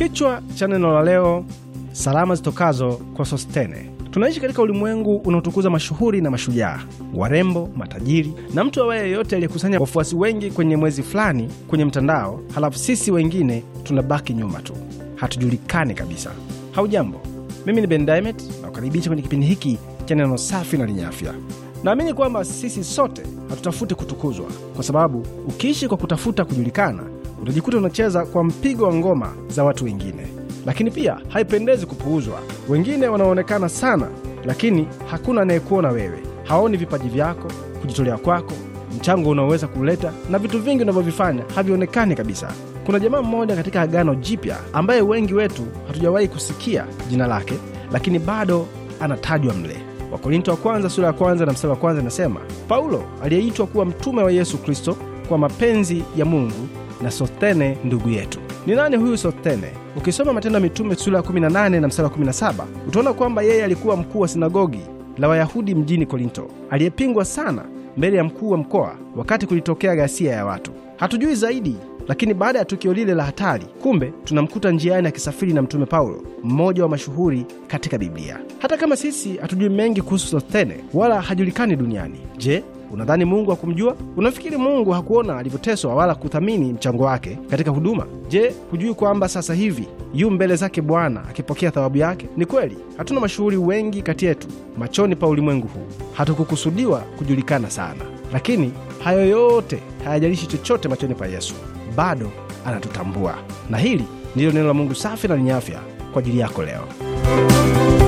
Kichwa cha neno la leo: salama zitokazo kwa Sostene. Tunaishi katika ulimwengu unaotukuza mashuhuri na mashujaa, warembo, matajiri na mtu awaye yeyote aliyekusanya wafuasi wengi kwenye mwezi fulani kwenye mtandao, halafu sisi wengine tunabaki nyuma tu, hatujulikani kabisa. Haujambo, mimi ni Ben Diamond na kukaribisha kwenye kipindi hiki cha neno safi na lenye afya. Naamini kwamba sisi sote hatutafuti kutukuzwa, kwa sababu ukiishi kwa kutafuta kujulikana utajikuta unacheza kwa mpigo wa ngoma za watu wengine. Lakini pia haipendezi kupuuzwa. Wengine wanaonekana sana, lakini hakuna anayekuona wewe. Haoni vipaji vyako, kujitolea kwako, mchango unaoweza kuleta, na vitu vingi unavyovifanya havionekani kabisa. Kuna jamaa mmoja katika Agano Jipya ambaye wengi wetu hatujawahi kusikia jina lake, lakini bado anatajwa mle. Wakorinto wa kwanza sura ya kwanza na mstari wa kwanza inasema, Paulo aliyeitwa kuwa mtume wa Yesu Kristo kwa mapenzi ya Mungu na Sostene ndugu yetu. Ni nani huyu Sostene? Ukisoma Matendo ya Mitume sura ya 18 na mstari wa 17 utaona kwamba yeye alikuwa mkuu wa sinagogi la Wayahudi mjini Korinto, aliyepingwa sana mbele ya mkuu wa mkoa wakati kulitokea ghasia ya watu. Hatujui zaidi, lakini baada ya tukio lile la hatari, kumbe tunamkuta njiani akisafiri na mtume Paulo, mmoja wa mashuhuri katika Biblia. Hata kama sisi hatujui mengi kuhusu Sostene wala hajulikani duniani, je, Unadhani Mungu hakumjua? Unafikiri Mungu hakuona alivyoteswa wala kuthamini mchango wake katika huduma? Je, hujui kwamba sasa hivi yu mbele zake Bwana akipokea thawabu yake? Ni kweli hatuna mashughuli wengi kati yetu machoni pa ulimwengu huu, hatukukusudiwa kujulikana sana, lakini hayo yote hayajalishi chochote machoni pa Yesu. Bado anatutambua, na hili ndilo neno la Mungu safi na lenye afya kwa ajili yako leo.